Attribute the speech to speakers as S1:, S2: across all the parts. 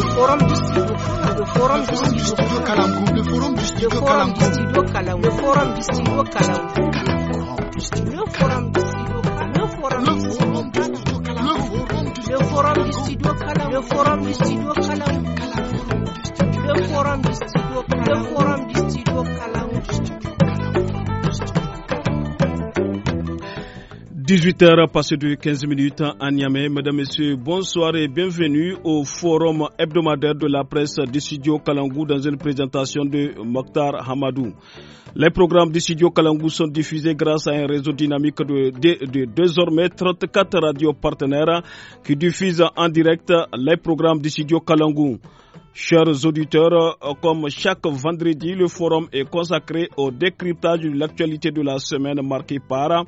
S1: The forum the forum, the forum du studio Calam le forum du studio Calam le forum du studio Calam le forum du studio Calam le forum du studio
S2: Calam le forum du studio Calam le
S3: forum du studio Calam le forum du studio Calam le forum du studio Calam le forum
S4: 18h passé de 15 minutes à Niamey. Mesdames, Messieurs, bonsoir et bienvenue au forum hebdomadaire de la presse du studio Kalangou dans une présentation de Mokhtar Hamadou. Les programmes du studio Kalangou sont diffusés grâce à un réseau dynamique de, désormais 34 radios partenaires qui diffusent en direct les programmes du studio Kalangou. Chers auditeurs, comme chaque vendredi, le forum est consacré au décryptage de l'actualité de la semaine marquée par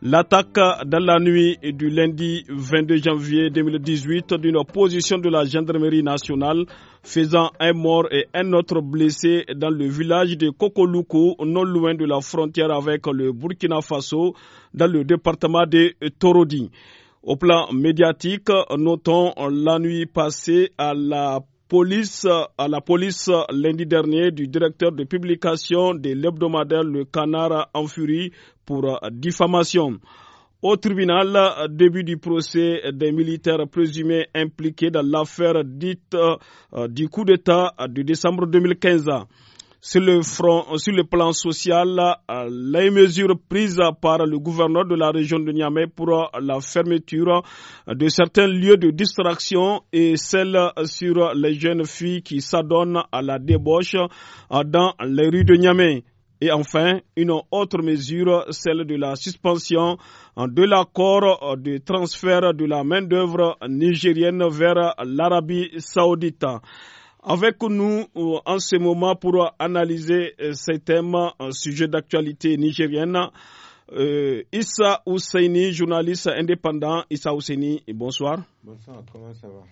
S4: L'attaque dans la nuit du lundi 22 janvier 2018 d'une opposition de la gendarmerie nationale faisant un mort et un autre blessé dans le village de Kokoluku, non loin de la frontière avec le Burkina Faso, dans le département de Torodi. Au plan médiatique, notons la nuit passée à la police, à la police lundi dernier du directeur de publication de l'hebdomadaire Le Canard en furie pour euh, diffamation. Au tribunal, début du procès des militaires présumés impliqués dans l'affaire dite euh, du coup d'État de décembre 2015. Sur le, front, sur le plan social, euh, les mesures prises par le gouverneur de la région de Niamey pour euh, la fermeture de certains lieux de distraction et celles sur les jeunes filles qui s'adonnent à la débauche euh, dans les rues de Niamey. Et enfin, une autre mesure, celle de la suspension de l'accord de transfert de la main-d'œuvre nigérienne vers l'Arabie saoudite. Avec nous euh, en ce moment pour analyser euh, ces thèmes, un euh, sujet d'actualité nigérienne, Issa Ousseini, journaliste indépendant. Issa Ousseini, bonsoir.
S5: Bonsoir, comment ça va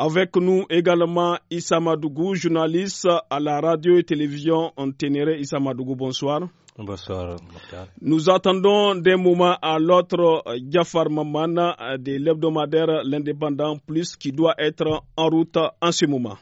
S4: avec nous également Issa Madougou, journaliste à la radio et télévision en Ténéré. Issa Madougou, bonsoir. Bonsoir, Nous attendons d'un moment à l'autre Jafar Mamana de l'hebdomadaire L'Indépendant Plus qui doit être en route en ce moment.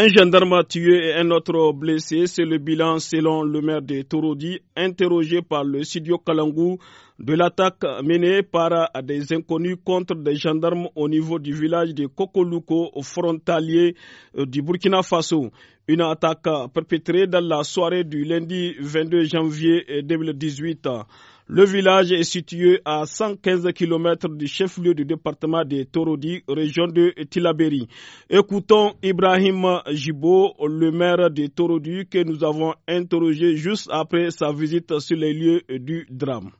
S4: Un gendarme a tué et un autre blessé, c'est le bilan selon le maire de Torodi, interrogé par le studio Kalangou de l'attaque menée par des inconnus contre des gendarmes au niveau du village de Kokoluko, frontalier euh, du Burkina Faso. Une attaque perpétrée dans la soirée du lundi 22 janvier 2018. Le village est situé à 115 km du chef-lieu du département des Torodi, région de Tilaberi. Écoutons Ibrahim Jibo, le maire de Torodi, que nous avons interrogé juste après sa visite sur les lieux du drame.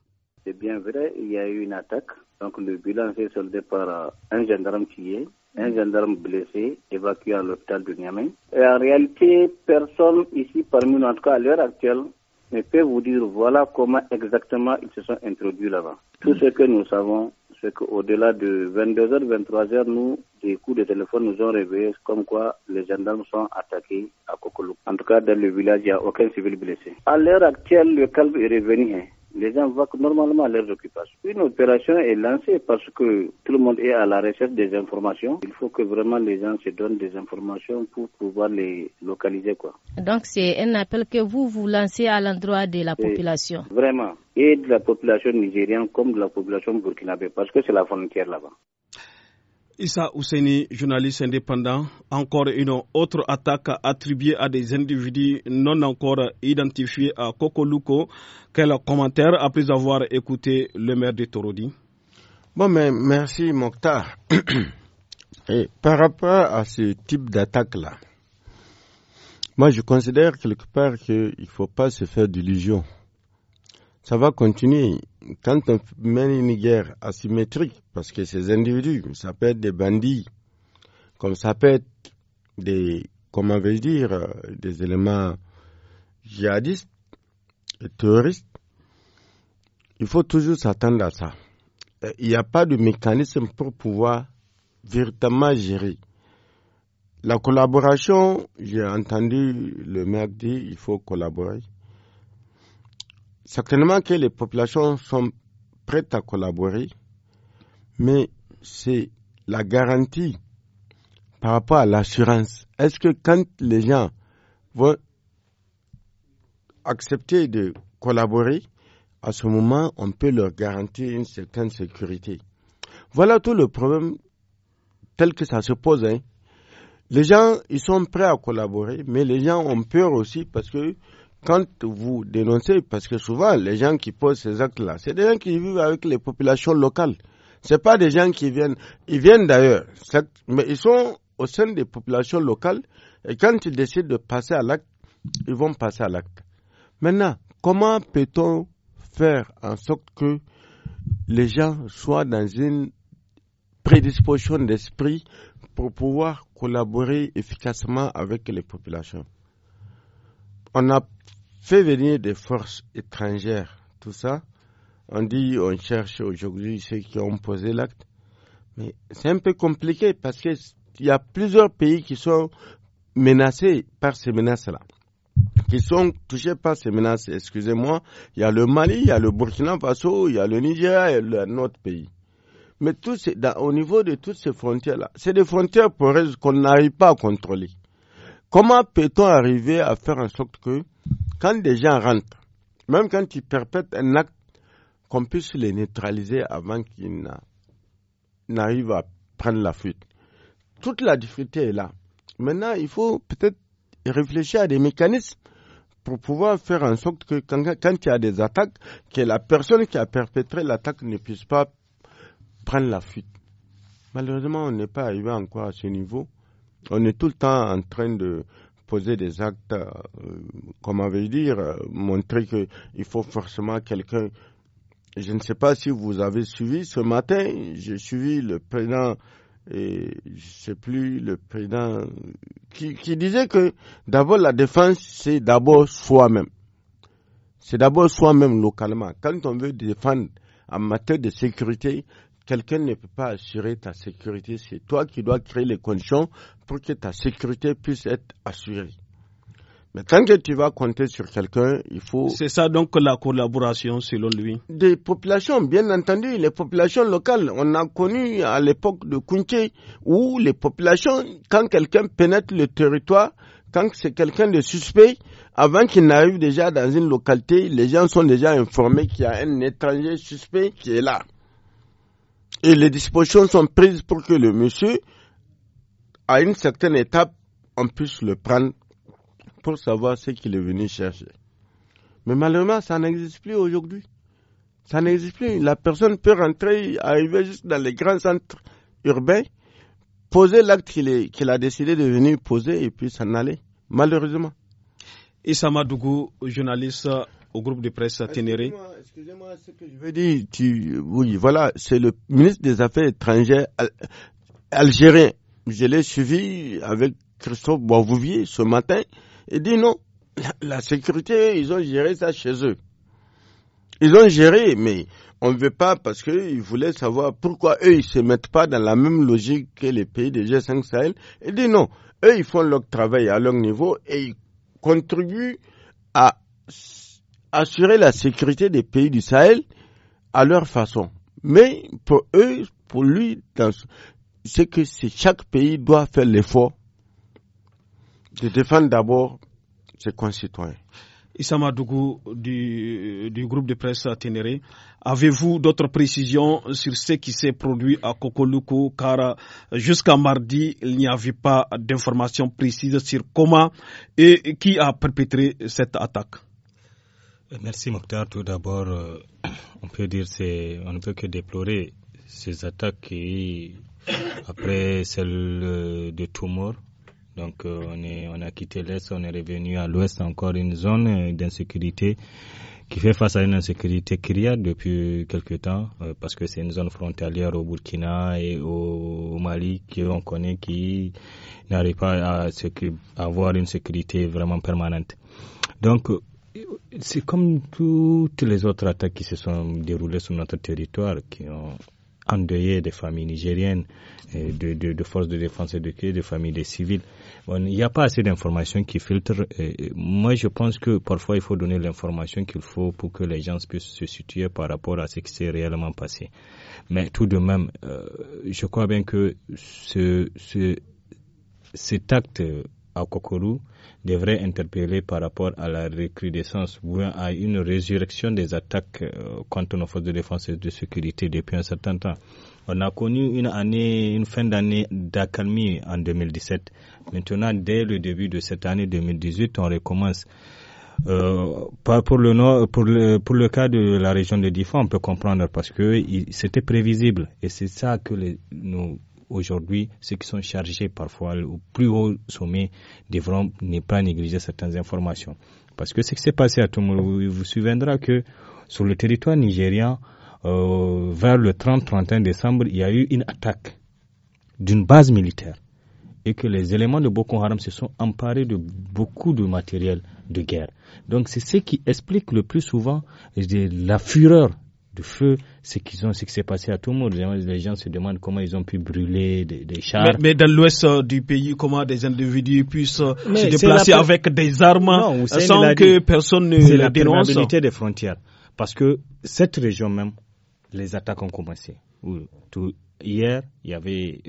S2: C'est bien vrai, il y a eu une attaque. Donc le bilan est soldé par un gendarme qui est un gendarme blessé évacué à l'hôpital de Niamey. Et en réalité, personne ici parmi nous, en tout cas à l'heure actuelle, mais peut vous dire voilà comment exactement ils se sont introduits là-bas. Tout ce que nous savons, c'est qu'au-delà de 22h, 23h, nous, des coups de téléphone nous ont réveillés comme quoi les gendarmes sont attaqués à Kokolo. En tout cas, dans le village, il n'y a aucun civil blessé. À l'heure actuelle, le calme est revenu. Hein les gens voient normalement leurs occupations. Une opération est lancée parce que tout le monde est à la recherche des informations. Il faut que vraiment les gens se donnent des informations pour pouvoir les localiser. Quoi.
S3: Donc c'est un appel que vous vous lancez à l'endroit de la
S2: population. Vraiment, et de la population nigérienne comme de la population burkinabé parce que c'est la frontière là-bas.
S4: Issa Ouseni, journaliste indépendant, encore une autre attaque attribuée à des individus non encore identifiés à Kokoluko. Quel commentaire après avoir écouté le maire de Torodi Bon, merci
S5: Mokhtar. Et par rapport à ce type d'attaque-là, moi je considère quelque part qu'il ne faut pas se faire d'illusions ça va continuer. Quand on mène une guerre asymétrique, parce que ces individus, ça peut être des bandits, comme ça peut être des, comment veux dire, euh, des éléments djihadistes et terroristes, il faut toujours s'attendre à ça. Euh, il n'y a pas de mécanisme pour pouvoir véritablement gérer. La collaboration, j'ai entendu le maire dire il faut collaborer certainement que les populations sont prêtes à collaborer, mais c'est la garantie par rapport à l'assurance. Est-ce que quand les gens vont accepter de collaborer, à ce moment, on peut leur garantir une certaine sécurité. Voilà tout le problème tel que ça se pose. Hein. Les gens, ils sont prêts à collaborer, mais les gens ont peur aussi parce que quand vous dénoncez, parce que souvent les gens qui posent ces actes-là, c'est des gens qui vivent avec les populations locales. Ce pas des gens qui viennent, ils viennent d'ailleurs, mais ils sont au sein des populations locales et quand ils décident de passer à l'acte, ils vont passer à l'acte. Maintenant, comment peut-on faire en sorte que les gens soient dans une prédisposition d'esprit pour pouvoir collaborer efficacement avec les populations on a fait venir des forces étrangères, tout ça. On dit, on cherche aujourd'hui ceux qui ont posé l'acte. Mais c'est un peu compliqué parce qu'il y a plusieurs pays qui sont menacés par ces menaces-là qui sont touchés par ces menaces. Excusez-moi, il y a le Mali, il y a le Burkina Faso, il y a le Nigeria et un autre pays. Mais tout au niveau de toutes ces frontières-là, c'est des frontières poreuses qu'on n'arrive pas à contrôler. Comment peut-on arriver à faire en sorte que quand des gens rentrent, même quand ils perpètent un acte, qu'on puisse les neutraliser avant qu'ils n'arrivent à prendre la fuite Toute la difficulté est là. Maintenant, il faut peut-être réfléchir à des mécanismes pour pouvoir faire en sorte que quand, quand, il y a des attaques, que la personne qui a perpétré l'attaque ne puisse pas prendre la fuite. Malheureusement, on n'est pas arrivé encore à ce niveau on est tout le temps en train de poser des actes, euh, comment veux-je dire, euh, montrer qu'il faut forcément quelqu'un. Je ne sais pas si vous avez suivi ce matin, j'ai suivi le président, et je sais plus le président, qui, qui disait que d'abord la défense, c'est d'abord soi-même. C'est d'abord soi-même localement. Quand on veut défendre en matière de sécurité, quelqu'un ne peut pas assurer ta sécurité. C'est toi qui dois créer les conditions pour que ta sécurité puisse être assurée. Mais quand tu vas compter sur quelqu'un, il faut. C'est ça donc la collaboration selon lui. Des populations, bien entendu, les populations locales. On a connu à l'époque de Kunche où les populations, quand quelqu'un pénètre le territoire, quand c'est quelqu'un de suspect, avant qu'il n'arrive déjà dans une localité, les gens sont déjà informés qu'il y a un étranger suspect qui est là. Et les dispositions sont prises pour que le monsieur, à une certaine étape, on puisse le prendre pour savoir ce qu'il est venu chercher. Mais malheureusement, ça n'existe plus aujourd'hui. Ça n'existe plus. La personne peut rentrer, arriver juste dans les grands centres urbains, poser l'acte qu'il a décidé de venir poser et puis s'en aller, malheureusement. Issa Madougou, journaliste au groupe de presse
S4: à Ténéré. Excusez-moi,
S5: ce que je veux dire, tu, oui, voilà, c'est le ministre des Affaires étrangères algérien. Je l'ai suivi avec Christophe Boisvouvier ce matin. Il dit non, la, sécurité, ils ont géré ça chez eux. Ils ont géré, mais on ne veut pas parce qu'ils voulaient savoir pourquoi eux, ils ne se mettent pas dans la même logique que les pays des G5 Sahel. Il dit non, eux, ils font leur travail à leur niveau et ils contribuent à assurer la sécurité des pays du Sahel à leur façon. Mais pour eux, pour lui, c'est que chaque pays doit faire l'effort de défendre d'abord ses concitoyens. Issa Dougou du,
S4: groupe de presse à Ténéré, avez-vous d'autres précisions sur ce qui s'est produit à Kokoluko Car jusqu'à mardi, il n'y avait pas d'informations précises sur comment et qui a perpétré cette attaque. Merci Mokhtar. Tout d'abord, euh, on peut dire c'est on ne peut que déplorer ces attaques
S3: qui, après celle euh, de Tumor. donc euh, on, est, on a quitté l'Est, on est revenu à l'Ouest, encore une zone d'insécurité qui fait face à une insécurité criarde depuis quelque temps, parce que c'est une zone frontalière au Burkina et au Mali qu'on connaît qui n'arrive pas à avoir une sécurité vraiment permanente. Donc, c'est comme toutes les autres attaques qui se sont déroulées sur notre territoire, qui ont endeuillé des familles nigériennes, de, de, de forces de défense et de des familles des civils. Bon, il n'y a pas assez d'informations qui filtrent. Et moi, je pense que parfois, il faut donner l'information qu'il faut pour que les gens puissent se situer par rapport à ce qui s'est réellement passé. Mais tout de même, euh, je crois bien que ce, ce, cet acte à Kokorou devrait interpeller par rapport à la recrudescence ou à une résurrection des attaques euh, contre nos forces de défense et de sécurité depuis un certain temps. On a connu une année, une fin d'année d'accalmie en 2017. Maintenant, dès le début de cette année 2018, on recommence. Euh, pour le nord, pour le pour le cas de la région de Diffa, on peut comprendre parce que c'était prévisible et c'est ça que les, aujourd'hui, ceux qui sont chargés parfois au plus haut sommet devront ne pas négliger certaines informations. Parce que ce qui s'est passé à tout vous vous souviendrez que sur le territoire nigérien, euh, vers le 30-31 décembre, il y a eu une attaque d'une base militaire et que les éléments de Boko Haram se sont emparés de beaucoup de matériel de guerre. Donc c'est ce qui explique le plus souvent la fureur feu, ce qui s'est passé à tout le monde. Les gens se demandent comment ils ont pu brûler des, des chars.
S4: Mais, dans l'ouest euh, du pays, comment des individus puissent euh, se déplacer avec des armes euh, sans que personne ne la dénonce la
S3: des frontières. Parce que cette région même, les attaques ont commencé. hier, il y avait,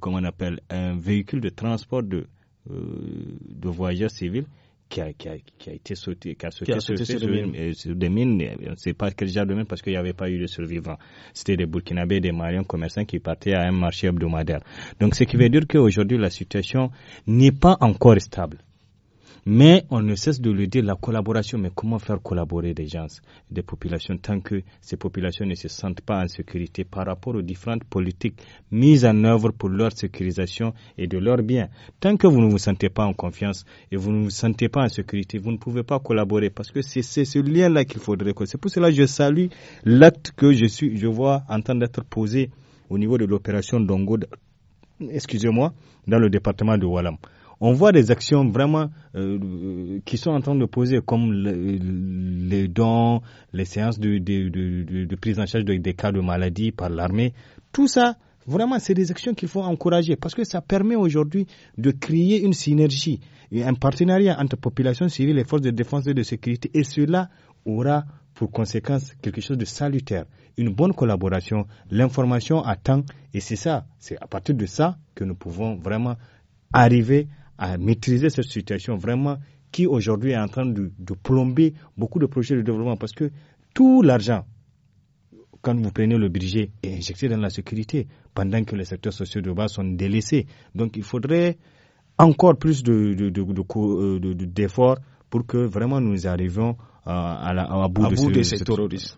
S3: comment on appelle, un véhicule de transport de, de voyageurs civils qui a, qui qui a été sauté, qui a sauté, qui a sauté sur, sur, mine. Euh, des mines. Euh, c'est pas quel genre de mines parce qu'il n'y avait pas eu de survivants. C'était des Burkinabés, des Maliens commerçants qui partaient à un marché hebdomadaire. Donc, ce qui veut dire qu'aujourd'hui, la situation n'est pas encore stable. Mais on ne cesse de lui dire, la collaboration, mais comment faire collaborer des gens, des populations, tant que ces populations ne se sentent pas en sécurité par rapport aux différentes politiques mises en œuvre pour leur sécurisation et de leurs bien. Tant que vous ne vous sentez pas en confiance et vous ne vous sentez pas en sécurité, vous ne pouvez pas collaborer parce que c'est ce lien-là qu'il faudrait C'est pour cela que je salue l'acte que je, vois en train d'être posé au niveau de l'opération Dongo, excusez-moi, dans le département de Walam on voit des actions vraiment euh, euh, qui sont en train de poser, comme les dons, les séances de, prise en charge des cas de maladie par l'armée. Tout ça, Vraiment, c'est des actions qu'il faut encourager parce que ça permet aujourd'hui de créer une synergie et un partenariat entre population civile et forces de défense et de sécurité. Et cela aura pour conséquence quelque chose de salutaire, une bonne collaboration, l'information à temps. Et c'est ça, c'est à partir de ça que nous pouvons vraiment arriver à maîtriser cette situation vraiment qui aujourd'hui est en train de, plomber beaucoup de projets de développement parce que tout l'argent, quand vous prenez le budget, est injecté dans la sécurité pendant que les secteurs sociaux de base sont délaissés. Donc il faudrait encore plus d'efforts de, de, euh, pour que vraiment nous arrivions euh, à, la, à bout, de, de ces terroristes.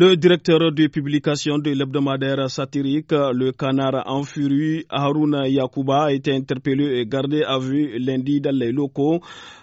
S4: Le directeur de publication de l'hebdomadaire satirique Le Canard en furie, Haroun Yakuba, a été interpellé et gardé à vue lundi dans les locaux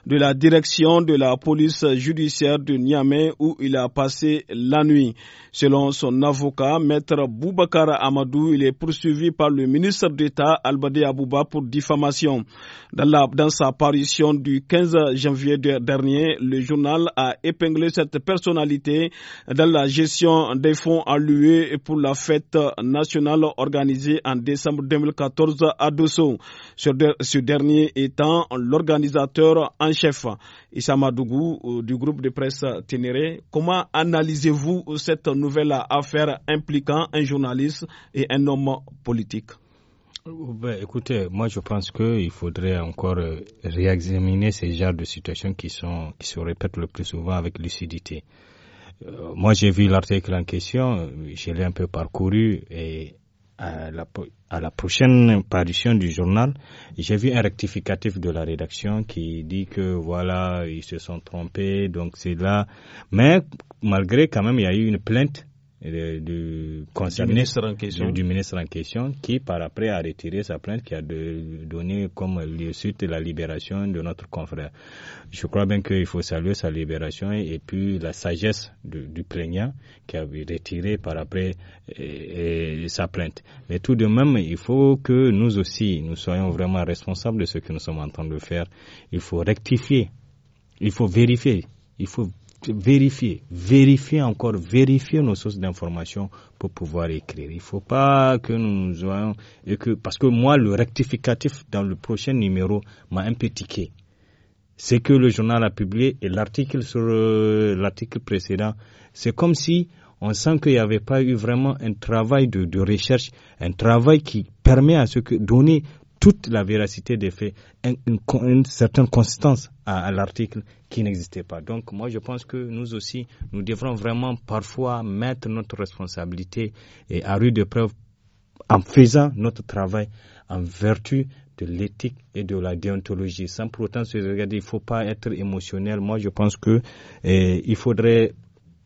S4: de la direction de la police judiciaire de Niamey où il a passé la nuit. Selon son avocat, maître Boubacar Amadou, il est poursuivi par le ministre d'État Albadé Abouba pour diffamation. Dans, dans sa parution du 15 janvier dernier, le journal a épinglé cette personnalité dans la gestion des fonds alloués pour la fête nationale organisée en décembre 2014 à Dosso. Ce dernier étant l'organisateur en chef, Issa Madougou, euh, du groupe de presse Ténéré. Comment analysez-vous cette nouvelle affaire impliquant un journaliste et un homme politique
S3: euh, ben, écoutez, moi je pense qu'il faudrait encore euh, réexaminer ces genres de situations qui, qui se répètent le plus souvent avec lucidité. Euh, moi j'ai vu l'article en question, je l'ai un peu parcouru et à la, à la prochaine parution du journal, j'ai vu un rectificatif de la rédaction qui dit que voilà, ils se sont trompés, donc c'est là. Mais malgré quand même, il y a eu une plainte du, concerné, du, ministre en question. du ministre en question, qui par après a retiré sa plainte, qui a de, donné comme lieu suite la libération de notre confrère. Je crois bien qu'il faut saluer sa libération et, puis la sagesse du, du, plaignant qui a retiré par après sa plainte. Mais tout de même, il faut que nous aussi, nous soyons vraiment responsables de ce que nous sommes en train de faire. Il faut rectifier, il faut vérifier, il faut vérifier, vérifier encore, vérifier nos sources d'information pour pouvoir écrire. Il ne faut pas que nous soyons et que parce que moi le rectificatif dans le prochain numéro m'a un peu tiqué. C'est que le journal a publié et l'article sur euh, l'article précédent, c'est comme si on sent qu'il n'y avait pas eu vraiment un travail de, de, recherche, un travail qui permet à ce que donner toute la véracité des faits, une, une, certaine consistance à, l'article qui n'existait pas. Donc moi je pense que nous aussi, nous devrons vraiment parfois mettre notre responsabilité et à rude épreuve en faisant notre travail en vertu de l'éthique et de la déontologie. Sans pour autant se regarder, il ne faut pas être émotionnel. Moi, je pense que eh, il faudrait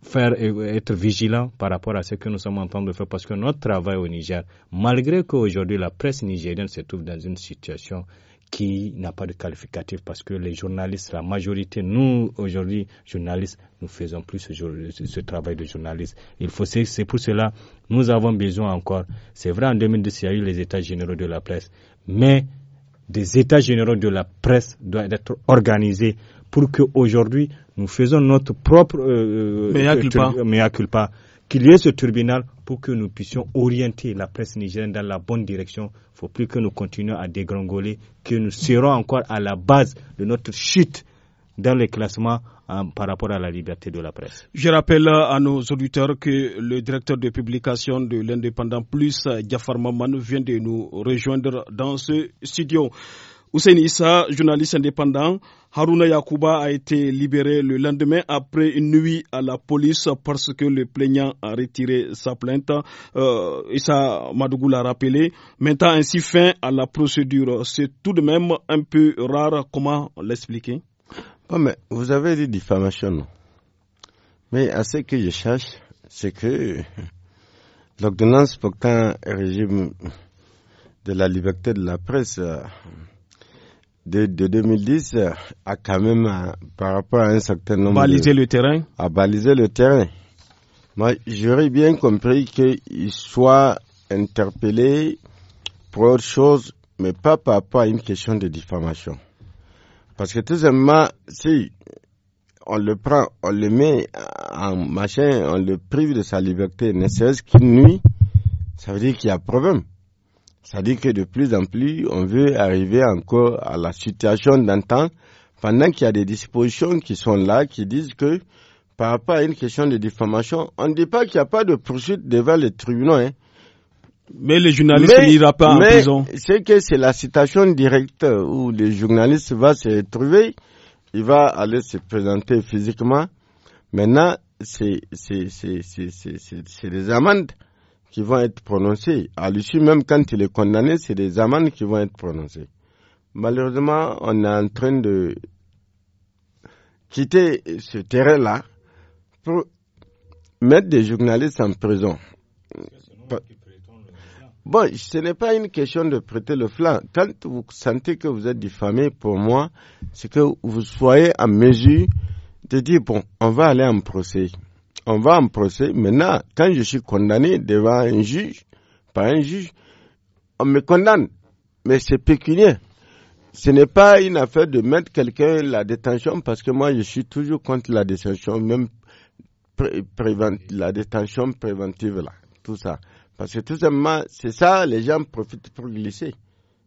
S3: faire être vigilant par rapport à ce que nous sommes en train de faire parce que notre travail au Niger, malgré qu'aujourd'hui la presse nigérienne se trouve dans une situation qui n'a pas de qualificatif parce que les journalistes, la majorité, nous aujourd'hui, journalistes, nous faisons plus ce, travail de journaliste. Il faut, c'est pour cela, nous avons besoin encore. C'est vrai, en 2010, il y a eu les états généraux de la presse, mais des états généraux de la presse doivent être organisés pour qu'aujourd'hui nous faisons notre propre euh, euh, euh mea culpa, qu'il y ait ce tribunal pour que nous puissions orienter la presse nigérienne dans la bonne direction. Il ne faut plus que nous continuions à dégringoler, que nous serons encore à la base de notre chute dans les classements hein, par rapport à la liberté de la presse.
S4: Je rappelle euh, à nos auditeurs que le directeur de publication de l'Indépendant Plus, Jafar Maman, vient de nous rejoindre dans ce studio. Hussein Issa, journaliste indépendant, Haruna Yakuba a été libéré le lendemain après une nuit à la police parce que le plaignant a retiré sa plainte. Euh, Issa Madougou l'a rappelé, mettant ainsi fin à la procédure. C'est tout de même un peu rare. Comment l'expliquer
S5: mais Vous avez dit diffamation. Mais à ce que je cherche, c'est que l'ordonnance portant régime de la liberté de la presse euh, de, de 2010 euh, a quand même, euh, par rapport à un certain nombre. Baliser le terrain A baliser le terrain. Moi, j'aurais bien compris qu'il soit interpellé pour autre chose, mais pas par rapport à une question de diffamation. Parce que tout simplement, si on le prend, on le met en machin, on le prive de sa liberté, nécessaire, ce qu'il nuit, ça veut dire qu'il y a problème. Ça dit que de plus en plus, on veut arriver encore à la situation d'antan, pendant qu'il y a des dispositions qui sont là, qui disent que par rapport à une question de diffamation, on ne dit pas qu'il n'y a pas de poursuite devant les tribunaux. Hein. Mais le journaliste n'ira pas en prison. C'est que c'est la citation directe où le journaliste va se retrouver, il va aller se présenter physiquement. Maintenant, c'est des amendes qui vont être prononcés. À l'issue, même quand il est condamné, c'est des amendes qui vont être prononcées. Malheureusement, on est en train de quitter ce terrain-là pour mettre des journalistes en prison. Bon, ce n'est pas une question de prêter le flanc. Quand vous sentez que vous êtes diffamé, pour moi, c'est que vous soyez en mesure de dire, bon, on va aller en procès on va en procès. Maintenant, quand je suis condamné devant un juge, par un juge, on me condamne. Mais c'est pécunier. Ce n'est pas une affaire de mettre quelqu'un à la détention parce que moi je suis toujours contre la détention, même la détention préventive là, tout ça. Parce que tout simplement, c'est ça, les gens profitent pour glisser.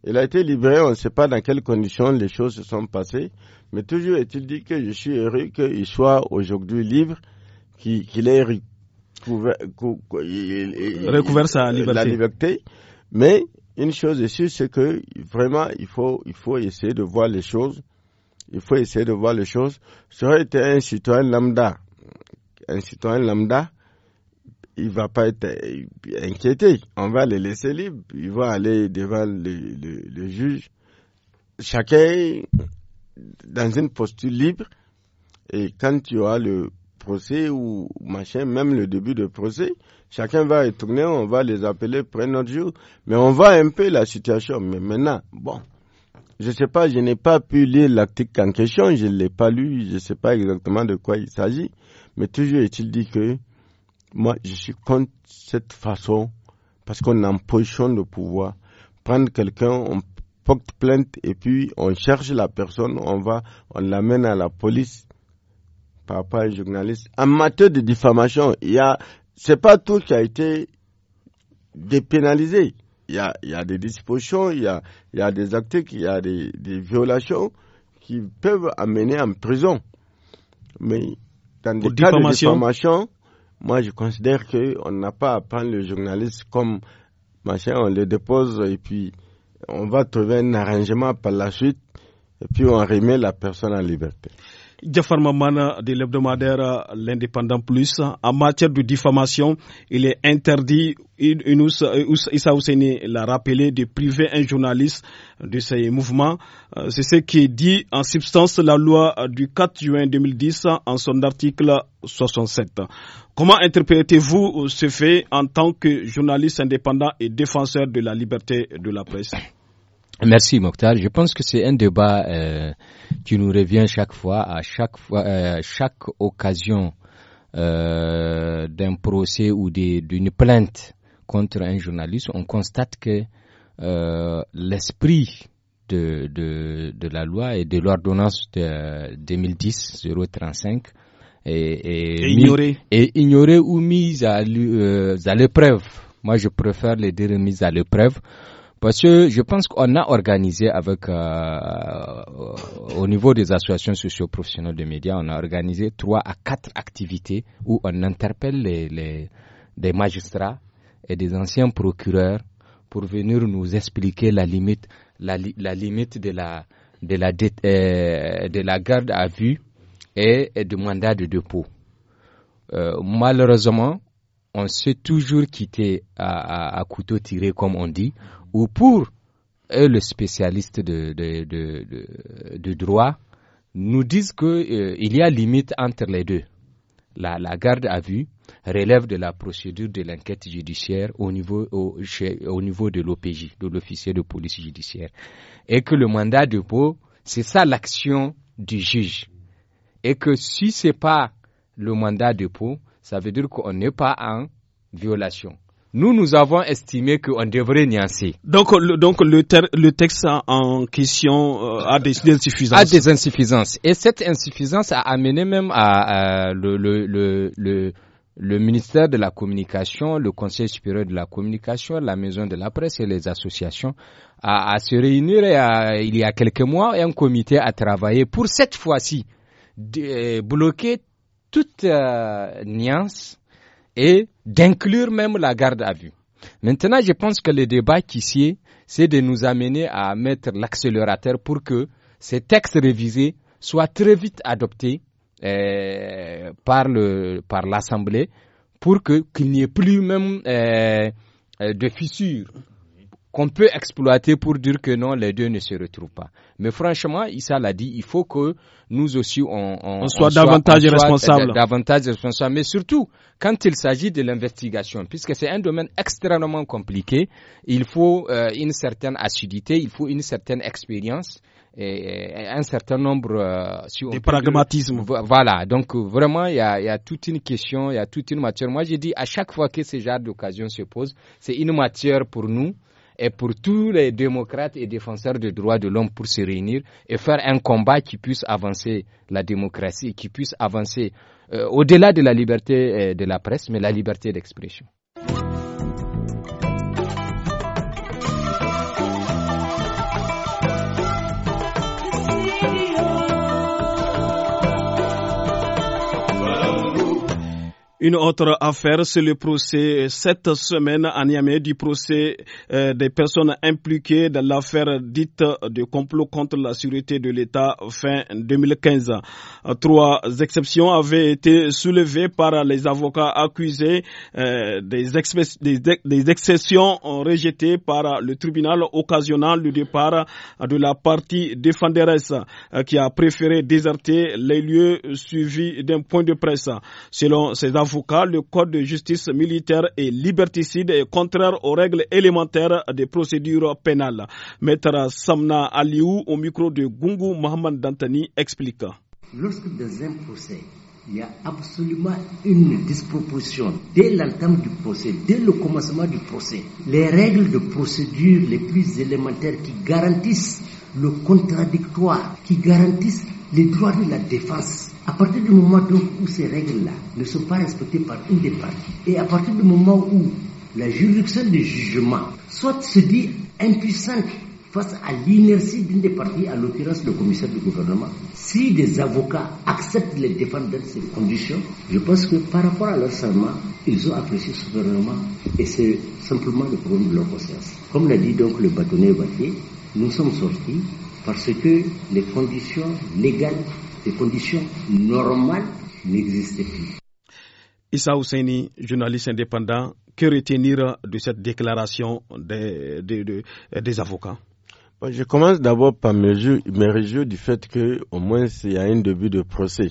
S5: Il a été libéré, on ne sait pas dans quelles conditions les choses se sont passées, mais toujours est-il dit que je suis heureux qu'il soit aujourd'hui libre qu'il ait recouvert, sa euh, liberté. la liberté. Mais une chose est sûre, c'est que vraiment, il faut, il faut essayer de voir les choses. Il faut essayer de voir les choses. Ça aurait été un citoyen lambda. Un citoyen lambda, il va pas être euh, inquiété. On va les laisser libre. Il va aller devant le, le juge. Chacun dans une posture libre. Et quand tu as le procès ou machin, même le début de procès, chacun va retourner on va les appeler, prendre notre jour, mais on voit un peu la situation. Mais maintenant, bon, je ne sais pas, je n'ai pas pu lire l'article en question, je ne l'ai pas lu, je ne sais pas exactement de quoi il s'agit, mais toujours est-il dit que moi, je suis contre cette façon, parce qu'on empochonne le de pouvoir prendre quelqu'un, on porte plainte et puis on cherche la personne, on va, on l'amène à la police par rapport à un journaliste. En matière de diffamation, il y a, c'est pas tout qui a été dépénalisé. Il y a, il y a des dispositions, il y a, il y a des actes, il y a des, des violations qui peuvent amener en prison. Mais dans des cas de diffamation, moi je considère qu'on n'a pas à prendre le journaliste comme machin, on le dépose et puis on va trouver un arrangement par la suite et puis on remet la personne en liberté.
S4: Jafar Mamana de l'hebdomadaire L'Indépendant Plus, en matière de diffamation, il est interdit, Issa Ouseni l'a rappelé, de priver un journaliste de ses mouvements. Euh, c'est ce qui dit en substance la loi du 4 juin 2010 en son article 67. Comment interprétez-vous ce fait en tant que journaliste indépendant et défenseur de la liberté de la presse
S1: Merci Mokhtar. Je pense que c'est un débat euh, qui nous revient chaque fois, à chaque fois, euh, chaque occasion euh, d'un procès ou d'une plainte contre un journaliste. On constate que l'esprit de, la loi et de l'ordonnance de 2010-035 est, est, ignoré. est ignoré ou mis à, à l'épreuve. Moi, je préfère les dire mis à l'épreuve parce que je pense qu'on a organisé avec, euh, euh, au niveau des associations socioprofessionnelles de médias, on a organisé trois à quatre activités où on interpelle les, des magistrats et des anciens procureurs pour venir nous expliquer la limite, la, limite de la, de la, euh, de la garde à vue et, du mandat de dépôt. Euh, malheureusement, on s'est toujours quitté à, à, couteau tiré, comme on dit ou pour eux, le spécialiste de, de, droit, nous disent qu'il euh, y a limite entre les deux. La, garde à vue relève de la procédure de l'enquête judiciaire au niveau, au, au niveau de l'OPJ, de l'officier de police judiciaire. Et que le mandat de dépôt, c'est ça l'action du juge. Et que si ce n'est pas le mandat de dépôt, ça veut dire qu'on n'est pas en violation. Nous, nous avons estimé qu'on devrait niancer. Donc, le, donc le, le texte en question euh, a des, insuffisances. A des insuffisances. Et cette insuffisance a amené même à, le, le, le le ministère de la Communication, le Conseil supérieur de la Communication, la Maison de la Presse et les associations à, se réunir il y a quelques mois et un comité a travaillé pour cette fois-ci euh, bloquer toute euh, et d'inclure même la garde à vue. Maintenant, je pense que le débat qui est, c'est de nous amener à mettre l'accélérateur pour que ces textes révisés soient très vite adoptés euh, par le par l'Assemblée pour que qu'il n'y ait plus même euh, euh, de fissures qu'on peut exploiter pour dire que non, les deux ne se retrouvent pas. Mais franchement, Issa l'a dit, il faut que nous aussi, on, on, soit, davantage responsable. Davantage responsable. Mais surtout, quand il s'agit de l'investigation, puisque c'est un domaine extrêmement compliqué, il faut euh, une certaine acidité, il faut une certaine expérience. Et un certain nombre euh, de pragmatisme. voilà, donc vraiment, il y, a, il y, a, toute une question, il y a toute une matière. Moi, j'ai dit à chaque fois que ce genre d'occasion se pose, c'est une matière pour nous et pour tous les démocrates et défenseurs des droits de l'homme pour se réunir et faire un combat qui puisse avancer la démocratie, qui puisse avancer euh, au-delà de la liberté euh, de la presse, mais la liberté d'expression.
S4: Une autre affaire, c'est le procès euh, cette semaine à Niamey du procès euh, des personnes impliquées dans l'affaire dite de complot contre la sécurité de l'État fin 2015. Trois exceptions avaient été soulevées par les avocats accusés euh, des, exceptions rejetées par le tribunal occasionnant le départ de la partie défenderesse qui a préféré déserter les lieux suivis d'un point de presse. Selon ces avocats, le Code de justice militaire est liberticide et contraire aux règles élémentaires des procédures pénales. Maître Samna Aliou, au micro de Gungu Mohamed Dantani, explique.
S1: Lorsque dans un procès, il y a absolument une disproportion dès l'entente du procès, dès le commencement du procès. Les règles de procédure les plus élémentaires qui garantissent le contradictoire, qui garantissent les droits de la défense à partir du moment où ces règles-là ne sont pas respectées par une des parties, et à partir du moment où la juridiction de jugement soit se dit impuissante
S2: face à l'inertie d'une des parties, à l'occurrence le commissaire du gouvernement, si des avocats acceptent les défendre dans ces conditions, je pense que par rapport à leur serment, ils ont apprécié ce gouvernement et c'est simplement le problème de leur conscience. Comme l'a dit donc le bâtonnier Batier, nous sommes sortis parce que les conditions légales ces conditions normales n'existaient plus.
S4: Issa Ousseini, journaliste indépendant, que retenir de cette déclaration des, des, avocats
S5: Je commence d'abord par me, me réjouir du fait qu'au moins il y a un début de procès.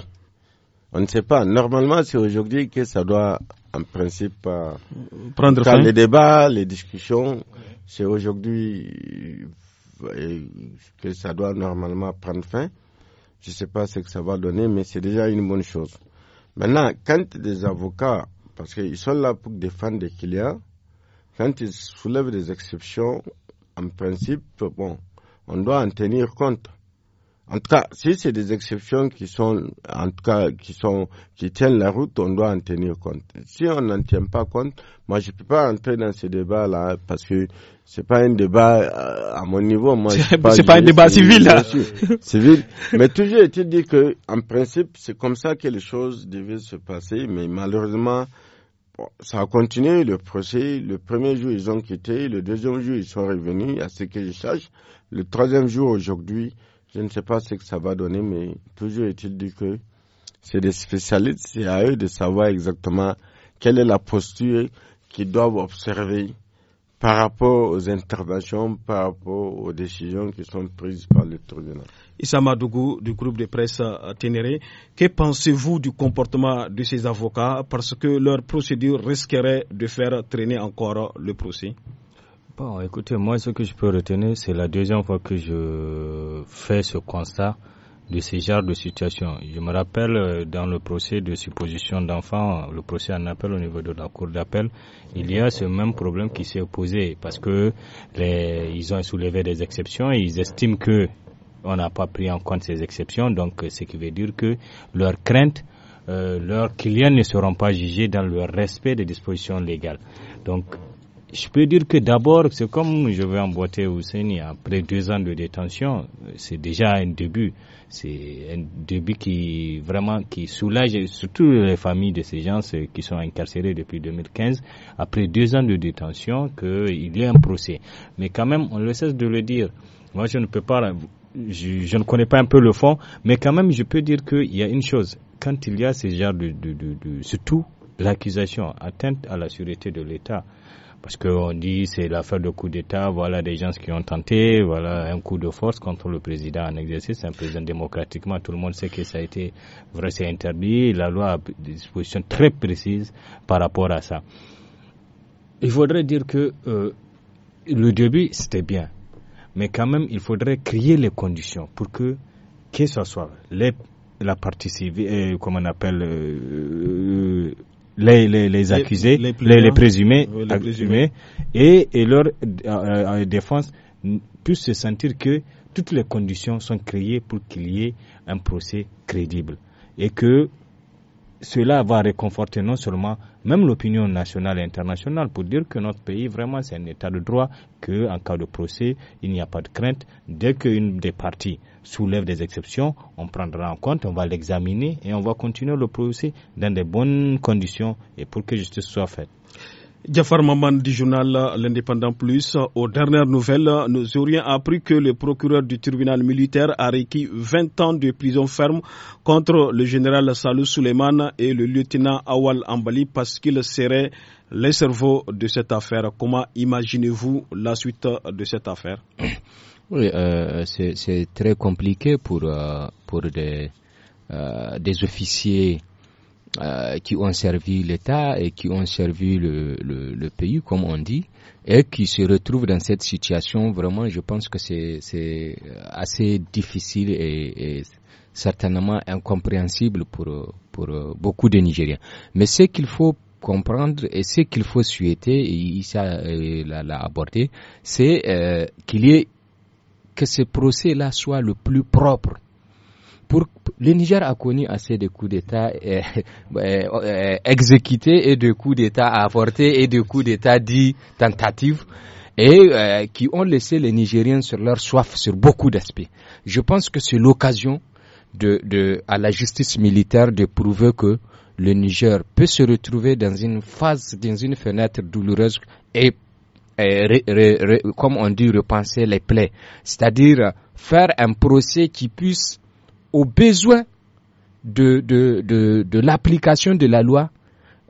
S5: On ne sait pas. Normalement, c'est aujourd'hui que ça doit, en principe, prendre fin. Les débats, les discussions, c'est aujourd'hui euh, que ça doit normalement prendre fin. Je ne sais pas ce que ça va donner, mais c'est déjà une bonne chose. Maintenant, quand des avocats, parce qu'ils sont là pour défendre des clients, quand ils soulèvent des exceptions, en principe, bon, on doit en tenir compte. En tout cas, si c'est des exceptions qui sont, en tout cas, qui sont, qui tiennent la route, on doit en tenir compte. Si on n'en tient pas compte, moi, je peux pas entrer dans ce débat-là parce que c'est pas un débat euh, à mon niveau. Moi, c'est pas, un débat civil, là. Hein. civil. Mais toujours est-il dit que, en principe, c'est comme ça que les choses devaient se passer, mais malheureusement, ça a continué le procès. Le premier jour, ils ont quitté. Le deuxième jour, ils sont revenus, à ce que je sache. Le troisième jour, aujourd'hui, je ne sais pas ce que ça va donner, mais toujours est-il dit que c'est des spécialistes, c'est à eux de savoir exactement quelle est la posture qu'ils doivent observer par rapport aux interventions, par rapport aux décisions qui sont prises par le tribunal.
S4: Issa Madougou, du groupe de presse Ténéré, que pensez-vous du comportement de ces avocats parce que leur procédure risquerait de faire traîner encore le procès
S3: Bon, écoutez, moi, ce que je peux retenir, c'est la deuxième fois que je fais ce constat de ce genre de situation. Je me rappelle euh, dans le procès de supposition d'enfants, le procès en appel au niveau de la cour d'appel, il y a ce même problème qui s'est posé parce que les, ils ont soulevé des exceptions et ils estiment que on n'a pas pris en compte ces exceptions, donc euh, ce qui veut dire que leurs craintes, euh, leurs clients ne seront pas jugés dans le respect des dispositions légales. Donc je peux dire que d'abord, c'est comme je vais emboîter Ousseini, après deux ans de détention, c'est déjà un début. C'est un début qui vraiment qui soulage surtout les familles de ces gens qui sont incarcérés depuis 2015, après deux ans de détention, qu'il y ait un procès. Mais quand même, on le cesse de le dire. Moi, je ne peux pas, je, je ne connais pas un peu le fond, mais quand même, je peux dire qu'il y a une chose. Quand il y a ce genre de, de, de, de surtout l'accusation atteinte à la sûreté de l'État, parce qu'on dit c'est l'affaire de coup d'État, voilà des gens qui ont tenté, voilà un coup de force contre le président en exercice, un président démocratiquement. Tout le monde sait que ça a été vrai, c'est interdit. La loi a des dispositions très précises par rapport à ça. Il faudrait dire que euh, le début, c'était bien. Mais quand même, il faudrait créer les conditions pour que, que ce soit la partie civile, euh, comme on appelle, euh, euh les, les, accusés, les, les présumés, et, et leur euh, euh, défense puissent se sentir que toutes les conditions sont créées pour qu'il y ait un procès crédible et que cela va réconforter non seulement même l'opinion nationale et internationale pour dire que notre pays vraiment c'est un état de droit, qu'en cas de procès, il n'y a pas de crainte. Dès qu'une des parties soulève des exceptions, on prendra en compte, on va
S4: l'examiner et on va continuer le procès dans de bonnes conditions et pour que justice soit faite. Jafar Maman du journal L'Indépendant Plus. Aux dernières nouvelles, nous aurions appris que le procureur du tribunal militaire a requis 20 ans de prison ferme contre le général Salou Suleiman et le lieutenant Awal Ambali parce qu'il serait les cerveaux de cette affaire. Comment imaginez-vous la suite de cette affaire
S1: Oui, euh, c'est très compliqué pour, euh, euh, des officiers euh, qui ont servi l'État et qui ont servi le, le, le, pays, comme on dit, et qui se retrouvent dans cette situation, vraiment, je pense que c'est assez difficile et, certainement incompréhensible pour, pour beaucoup de Nigériens. Mais ce qu'il faut comprendre et ce qu'il faut souhaiter, et Issa euh, l'a abordé, c'est euh, qu'il y ait que ce procès-là soit le plus propre le Niger a connu assez de coups d'État euh, euh, euh, exécutés et de coups d'État avortés et de coups d'État dits tentatives et qui ont laissé les Nigériens sur leur soif sur beaucoup d'aspects. Je pense que c'est l'occasion de, à la justice militaire de prouver que le Niger peut se retrouver dans une phase, dans une fenêtre douloureuse et, comme on dit, repenser les plaies. C'est-à-dire faire un procès qui puisse au besoin de, de, de, l'application de la loi,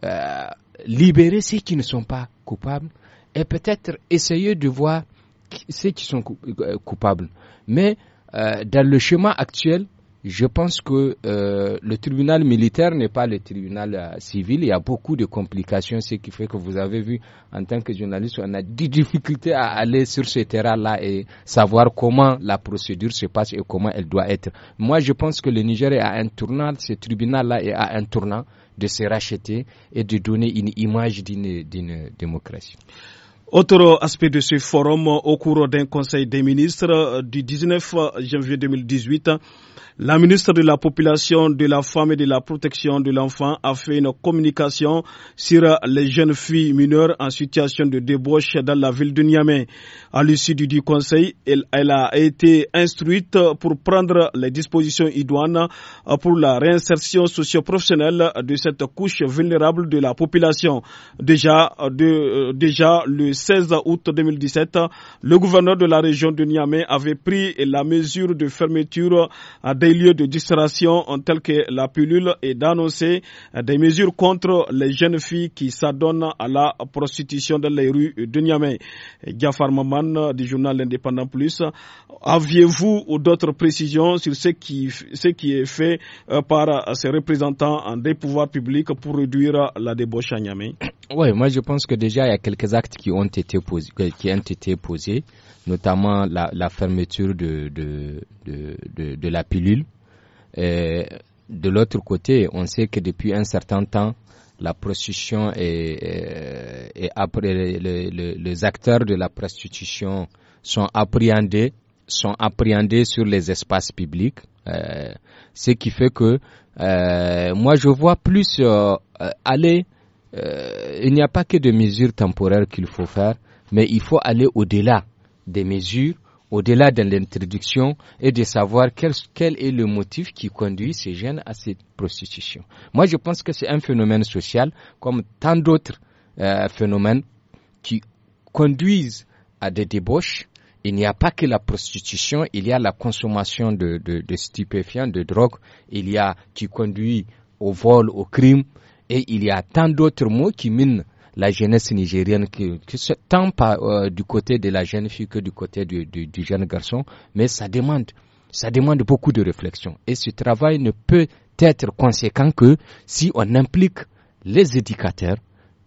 S1: euh, libérer ceux qui ne sont pas coupables et peut-être essayer de voir ceux qui sont euh, coupables. Mais euh, dans le chemin actuel, je pense que euh, le tribunal militaire n'est pas le tribunal euh, civil. Il y a beaucoup de complications, ce qui fait que vous avez vu, en tant que journaliste, on a des difficultés à aller sur ce terrain-là et savoir comment la procédure se passe et comment elle doit être. Moi, je pense que le Niger est à un tournant, ce tribunal-là est à un tournant de se racheter et de donner une image d'une démocratie.
S4: Autre aspect de ce forum, au cours d'un conseil des ministres euh, du 19 janvier 2018, la ministre de la Population, de la Femme et de la Protection de l'Enfant a fait une communication sur les jeunes filles mineures en situation de débauche dans la ville de Niamey. À l'issue du conseil, elle, a été instruite pour prendre les dispositions idoines euh, pour la réinsertion socio-professionnelle de cette couche vulnérable de la population. Déjà, euh, euh, déjà le 16 août 2017, le gouverneur de la région de Niamey avait pris la mesure de fermeture lieu lieux de distraction tels que la pilule et d'annoncer euh, des mesures contre les jeunes filles qui s'adonnent à la prostitution dans les rues de Niamey. Giafar Maman euh, du journal Indépendant Plus, aviez-vous d'autres précisions sur ce qui, est fait euh, par ces représentants des pouvoirs publics pour réduire la débauche à Niamey
S1: Oui, moi je pense que déjà il y a quelques actes Qui ont été posés notamment la, fermeture de, de, de, la pilule. Et de l'autre côté, on sait que depuis un certain temps, la prostitution et après les, acteurs de la prostitution sont appréhendés, sont appréhendés sur les espaces publics. Euh, ce qui fait que euh, moi je vois plus euh, aller. il n'y a pas que de mesures temporaires qu'il faut faire, mais il faut aller au-delà des mesures au-delà de l'introduction et de savoir quel, quel, est le motif qui conduit ces jeunes à cette prostitution. Moi, je pense que c'est un phénomène social comme tant d'autres euh, phénomènes qui conduisent à des débauches. Il n'y a pas que la prostitution, il y a la consommation de, de, stupéfiants, de drogue, il y a qui conduit au vol, au crime, et il y a tant d'autres mots qui minent la jeunesse nigérienne, qui, tant pas euh, du côté de la jeune fille que du côté du, jeune garçon, mais ça demande, ça demande beaucoup de réflexion. Et ce travail ne peut être conséquent que si on implique les éducateurs,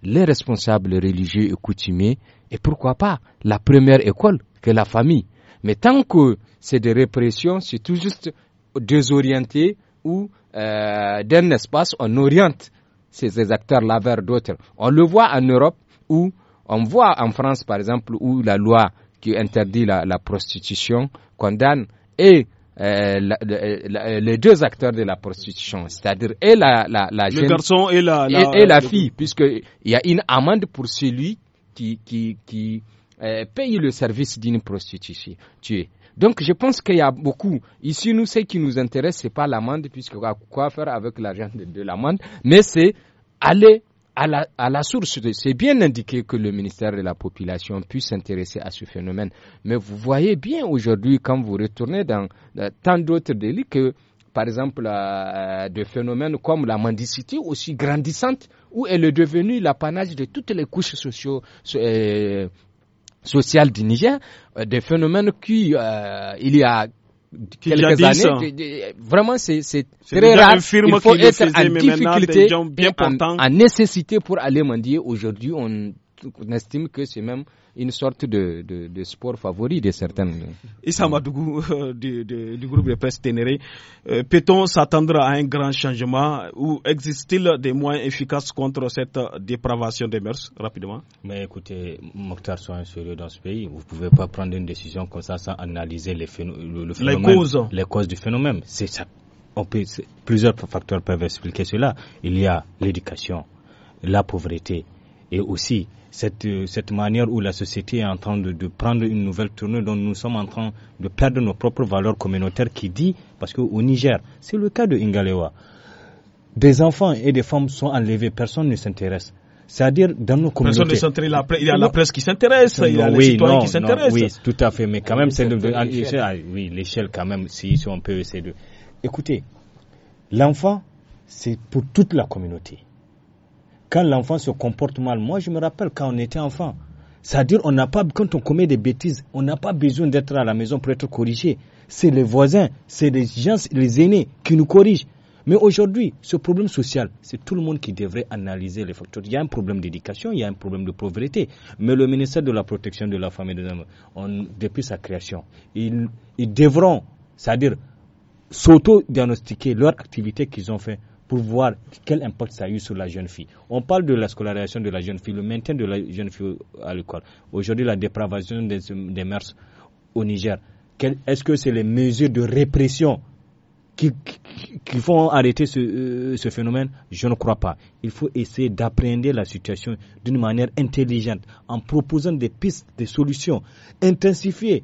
S1: les responsables religieux et coutumiers, et pourquoi pas la première école que la famille. Mais tant que c'est des répressions, c'est tout juste désorienté ou euh, d'un espace, on oriente ces acteurs-là vers d'autres. On le voit en Europe où on voit en France, par exemple, où la loi qui interdit la, prostitution condamne et euh, les deux acteurs de la prostitution, c'est-à-dire et la, la, jeune, et la, la fille, puisqu'il y a une amende pour celui qui, qui, euh, paye le service d'une prostituée. Donc je pense qu'il y a beaucoup. Ici, nous, ce qui nous intéresse, c'est n'est pas l'amende, puisque quoi faire avec l'argent de, l'amende, mais c'est aller à la, à la, source. C'est bien indiqué que le ministère de la Population puisse s'intéresser à ce phénomène. Mais vous voyez bien aujourd'hui, quand vous retournez dans, tant d'autres délits, que, par exemple, de euh, des phénomènes comme la mendicité aussi grandissante, où elle est devenue l'apanage de toutes les couches sociaux, euh, social du Niger, euh, des phénomènes qui, euh, il y a
S2: quelques années,
S1: vraiment c'est très rare. Il faut être en difficulté, bien en, nécessité pour aller mendier. Aujourd'hui, on estime que c'est même une sorte de, de, sport favori de certaines. Issa Madougou euh, du, du, du, groupe de presse Ténéré, euh, peut-on s'attendre à un grand
S4: changement ou existe-t-il des moyens efficaces contre cette dépravation des mœurs rapidement
S3: Mais écoutez, Mokhtar, soyez sérieux dans ce pays. Vous ne pouvez pas prendre une décision comme ça sans analyser les le les, causes. les causes du phénomène. C'est ça. On peut, plusieurs facteurs peuvent expliquer cela. Il y a l'éducation, la pauvreté et aussi cette, euh, cette manière où la société est en train de, prendre une nouvelle tournure dont nous sommes en train de perdre nos propres valeurs communautaires qui dit, parce qu'au Niger, c'est le cas de Ingalewa, des enfants et des femmes sont enlevés, personne ne s'intéresse. C'est-à-dire dans nos communautés. Personne ne s'intéresse.
S4: Il y a la presse qui s'intéresse, il y a les citoyens qui s'intéressent. Oui,
S3: tout à fait, mais quand même, c'est ah, oui, l'échelle quand même, si, si on peut essayer de. Écoutez, l'enfant, c'est pour toute la communauté quand l'enfant se comporte mal. Moi, je me rappelle quand on était enfant. C'est-à-dire, on n'a pas, quand on commet des bêtises, on n'a pas besoin d'être à la maison pour être corrigé. C'est les voisins, c'est les gens, les aînés qui nous corrigent. Mais aujourd'hui, ce problème social, c'est tout le monde qui devrait analyser les facteurs. Il y a un problème d'éducation, il y a un problème de pauvreté. Mais le ministère de la Protection de la famille et des Hommes, depuis sa création, ils, ils devront, c'est-à-dire, s'auto-diagnostiquer leur activité qu'ils ont fait pour voir quel impact ça a eu sur la jeune fille. On parle de la scolarisation de la jeune fille, le maintien de la jeune fille à l'école. Aujourd'hui, la dépravation des, des mœurs au Niger. Est-ce que c'est les mesures de répression qui, qui, font arrêter ce, euh, ce phénomène Je ne crois pas. Il faut essayer d'appréhender la situation d'une manière intelligente en proposant des pistes, des solutions, intensifiées.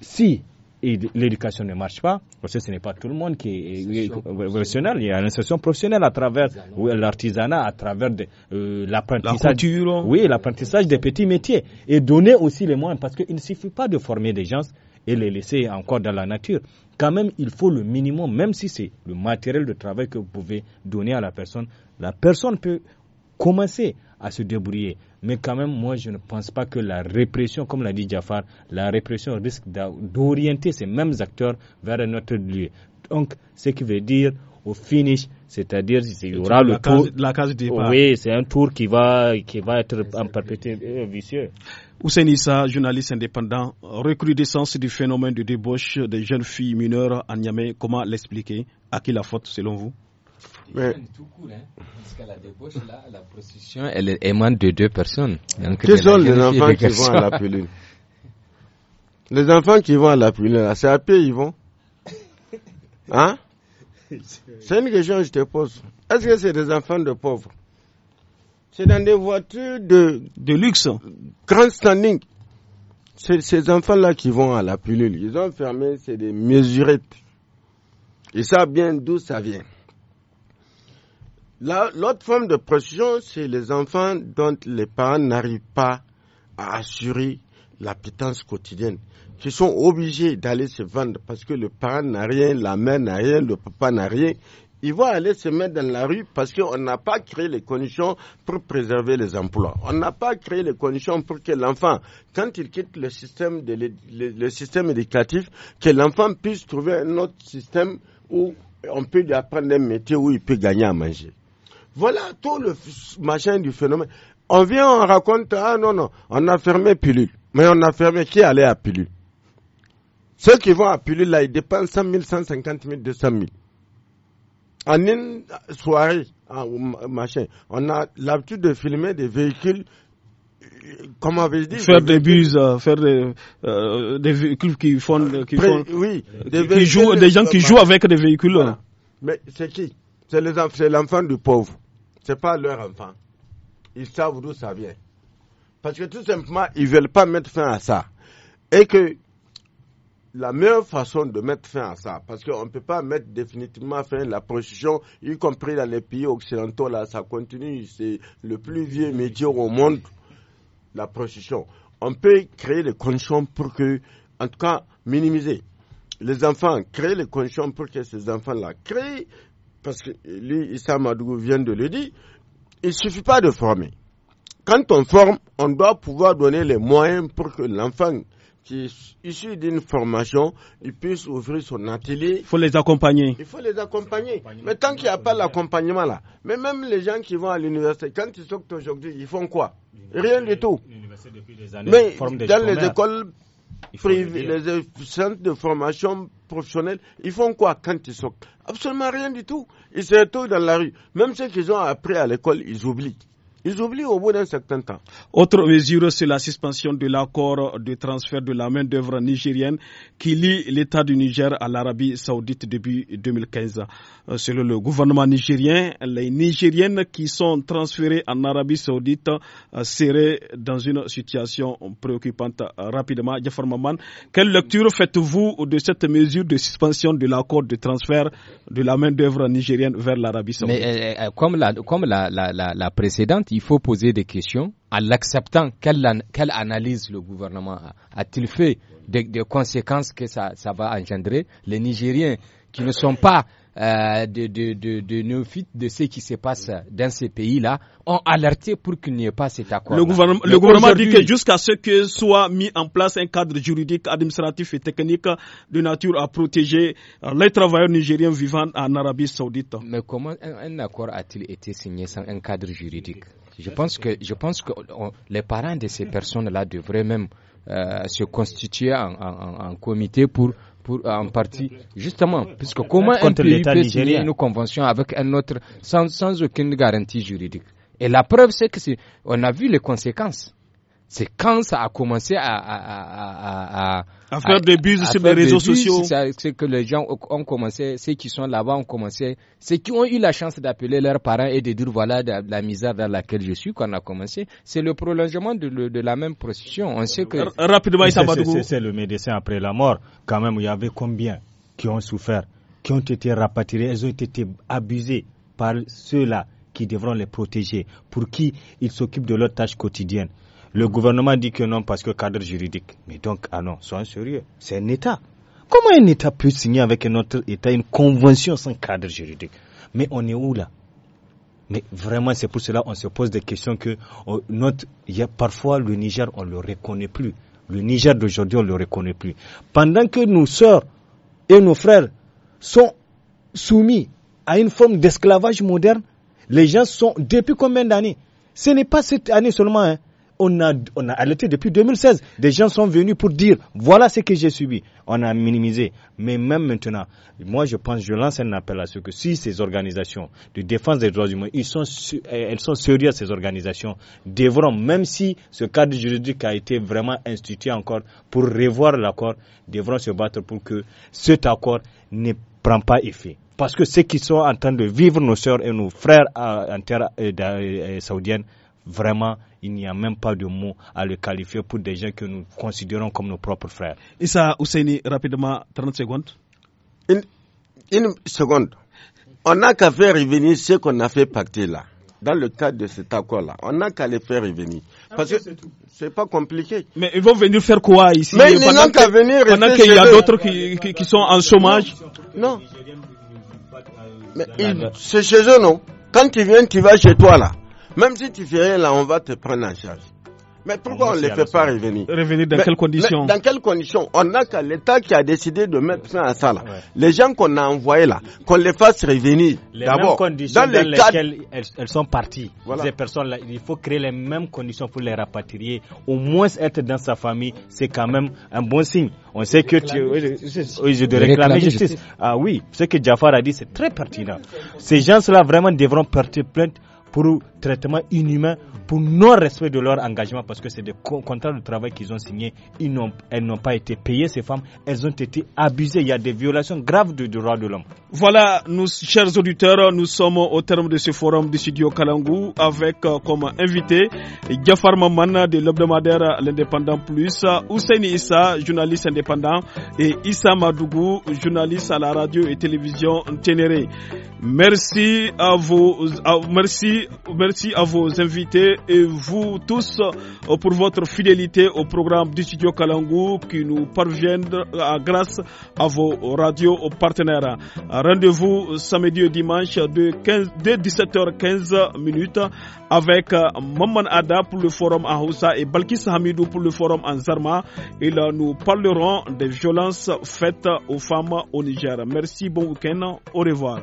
S3: Si l'éducation ne marche pas, parce que ce n'est pas tout le monde qui est, professionnel. Il y a une professionnelle à travers l'artisanat, à travers euh, l'apprentissage. Hein. oui, l'apprentissage des petits métiers. Et donner aussi les moyens, parce qu'il ne suffit pas de former des gens et les laisser encore dans la nature. Quand même, il faut le minimum, même si c'est le matériel de travail que vous pouvez donner à la personne. La personne peut commencer à se débrouiller. Mais quand même, moi, je ne pense pas que la répression, comme l'a dit Jafar, la répression risque d'orienter ces mêmes acteurs vers un autre lieu. Donc, ce qui veut dire au finish, c'est-à-dire il y aura le tour.
S4: la case départ. Oui, c'est un tour qui va, être en perpétuité vicieux. Hussein Issa, journaliste indépendant, recrudescence du phénomène de débauche des jeunes filles mineures à Niamey, comment l'expliquer À qui la faute selon
S5: vous
S1: mais... Tout hein, parce que la débauche, là, la prostitution, elle émane de
S5: deux personnes. que sont les enfants qui vont à la pilule Les enfants qui vont à la pilule, c'est à pied ils vont Hein C'est une question que je te pose. Est-ce que c'est des enfants de pauvres C'est dans des voitures de, de luxe, hein. grand standing. Ces enfants-là qui vont à la pilule, ils ont fermé, c'est des mesurettes. Ils savent bien d'où ça vient. L'autre forme de pression, c'est les enfants dont les parents n'arrivent pas à assurer la quotidienne, qui sont obligés d'aller se vendre parce que le parent n'a rien, la mère n'a rien, le papa n'a rien. Ils vont aller se mettre dans la rue parce qu'on n'a pas créé les conditions pour préserver les emplois. On n'a pas créé les conditions pour que l'enfant, quand il quitte le système, le, système éducatif, que l'enfant puisse trouver un autre système où on peut lui apprendre un métier où il peut gagner à manger. Voilà tout le machin du phénomène. On vient, on raconte, ah non, non, on a fermé pilule. Mais on a fermé qui allait à pilule Ceux qui vont à pilule, là, ils dépensent 100 000, 150 000, 200 000. En une soirée, machin, on a l'habitude de filmer des véhicules euh, comment vais-je dire
S4: faire des buses euh, faire euh, des, véhicules qui font qui oui
S5: des, des gens qui jouent avec
S4: des véhicules là.
S5: mais c'est qui c'est les c'est l'enfant du pauvre ce n'est pas leur enfant. Ils savent d'où ça vient. Parce que tout simplement, ils ne veulent pas mettre fin à ça. Et que la meilleure façon de mettre fin à ça, parce qu'on ne peut pas mettre définitivement fin à la prostitution, y compris dans les pays occidentaux, là, ça continue, c'est le plus vieux médium au monde, la prostitution. On peut créer des conditions pour que, en tout cas, minimiser. Les enfants, créer les conditions pour que ces enfants-là créent parce que lui, Issa Madougou vient de le dire, il ne suffit pas de former. Quand on forme, on doit pouvoir donner les moyens pour que l'enfant qui est issu d'une formation, il puisse ouvrir son atelier. Il faut les accompagner. Il faut les accompagner. Mais tant qu'il n'y a pas l'accompagnement là, mais même les gens qui vont à l'université, quand ils sortent aujourd'hui, ils font quoi Rien du tout. Depuis des années, mais dans les écoles les, centres de formation professionnelle, ils font quoi quand ils sont Absolument rien du tout. Ils se retrouvent dans la rue. Même ceux qu'ils ont appris à l'école, ils oublient. Ils oublient au bout d'un certain temps.
S4: Autre mesure, c'est la suspension de l'accord de transfert de la main-d'œuvre nigérienne qui lie l'État du Niger à l'Arabie saoudite début 2015. Euh, selon le gouvernement nigérien, les Nigériennes qui sont transférées en Arabie saoudite euh, seraient dans une situation préoccupante euh, rapidement. quelle lecture faites-vous de cette mesure de suspension de l'accord de transfert de la main-d'œuvre nigérienne
S1: vers l'Arabie saoudite comme, la, comme la précédente, il faut poser des questions. En l'acceptant, quelle, analyse le gouvernement a-t-il fait des, conséquences que ça, va engendrer Les Nigériens qui ne sont pas euh, de, de, de, néophytes de ce qui se passe dans ces pays-là ont alerté pour qu'il n'y ait pas cet accord. Le gouvernement, dit que
S4: jusqu'à ce que soit mis en place un cadre juridique, administratif et technique de nature à protéger euh, les travailleurs nigériens vivant en Arabie Saoudite.
S1: Mais comment un accord a-t-il été signé sans un cadre juridique je pense que, je pense que les parents de ces personnes-là devraient même euh, se constituer en, comité pour, pour en partie, justement, puisque comment un pays peut signer une convention avec un autre sans, aucune garantie juridique Et la preuve, c'est que on a vu les conséquences. C'est quand ça a commencé à, faire des buses sur les réseaux sociaux. C'est que les gens ont commencé, ceux qui sont là-bas ont commencé, ceux qui ont eu la chance d'appeler leurs parents et de dire voilà de, la misère vers laquelle je suis qu'on a commencé. C'est le prolongement de, la même procession. On sait que rapidement, c'est
S3: le médecin après la mort. Quand même, il y avait combien qui ont souffert, qui ont été rapatriés, elles ont été abusés par ceux-là qui devront les protéger, pour qui ils s'occupent de leurs tâches quotidiennes. Le gouvernement dit que non parce que cadre juridique. Mais donc, ah non, soyons sérieux. C'est un État. Comment un État peut signer avec un autre État une convention sans cadre juridique Mais on est où là mais vraiment, c'est pour cela qu'on se pose des questions que oh, notre. Il y a parfois le Niger, on ne le reconnaît plus. Le Niger d'aujourd'hui, on le reconnaît plus. Pendant que nos sœurs et nos frères sont soumis à une forme d'esclavage moderne, les gens sont, depuis combien d'années Ce n'est pas cette année seulement, hein, on a, on a depuis 2016. Des gens sont venus pour dire voilà ce que j'ai subi. On a minimisé. Mais même maintenant, moi je pense, je lance un appel à ce que si ces organisations de défense des droits humains, ils sont, eh, elles sont sérieuses, ces organisations, devront, même si ce cadre juridique a été vraiment institué encore pour revoir l'accord, devront se battre pour que cet accord ne prend pas effet parce que ceux qui sont en train de vivre nos sœurs et nos frères en terre eh, eh, saoudienne Vraiment, il n'y a même pas de mot à le qualifier pour des gens que nous considérons comme nos propres frères. Issa
S5: Ousseini, rapidement, 30 secondes. Une, seconde. On n'a qu'à faire revenir ce qu'on a fait partir là. Dans le cadre de cet accord-là, on n'a qu'à les faire revenir. Ah, Parce que que c'est pas compliqué. Mais ils vont venir faire quoi ici Mais ils n'ont qu'à venir. Pendant qu'il y a d'autres
S4: qui, qui, sont en chômage.
S5: Non. Mais c'est chez eux, non Quand tu viennent, tu vas chez toi là. Même si tu fais rien là, on va te prendre en charge. Mais pourquoi on ne les fait pas revenir Revenir dans quelles conditions Dans quelles conditions On n'a qu'à l'État qui a décidé de mettre fin à ça là. Les gens qu'on a envoyés là, qu'on les fasse revenir. D'abord, dans, les dans lesquelles
S3: elles, sont parties, ces personnes là, il faut créer les mêmes conditions pour les rapatrier. Au moins être dans sa famille, c'est quand même un bon signe. On sait que tu.
S4: Oui, je, de réclamer justice.
S3: Ah oui, ce que Jafar a dit, c'est très pertinent. Ces gens-là vraiment devront porter plainte pour traitement inhumain pour non-respect de leur engagement parce que c'est des contrats de travail qu'ils ont signés. elles n'ont pas été payées, ces femmes.
S4: Elles ont été abusées. Il y a des violations graves du droit de l'homme. Voilà, nous, chers auditeurs, nous sommes au terme de ce forum du studio Kalangou avec euh, comme invité Giafar Mamana de l'hebdomadaire L'Indépendant Plus, Hussein Issa, journaliste indépendant, et Issa Madougou, journaliste à la radio et télévision Ténéré. Merci à vous. merci Merci à vos invités et vous tous euh, pour votre fidélité au programme du studio Kalangou qui nous parvient euh, grâce à vos radios partenaires. Rendez-vous samedi et dimanche de, 17h15 avec euh, Maman Ada pour le forum à Houssa et Balkis Hamidou pour le forum en Zarma. Ils nous parlerons des violences faites aux femmes au Niger. Merci, bon week-end, au revoir.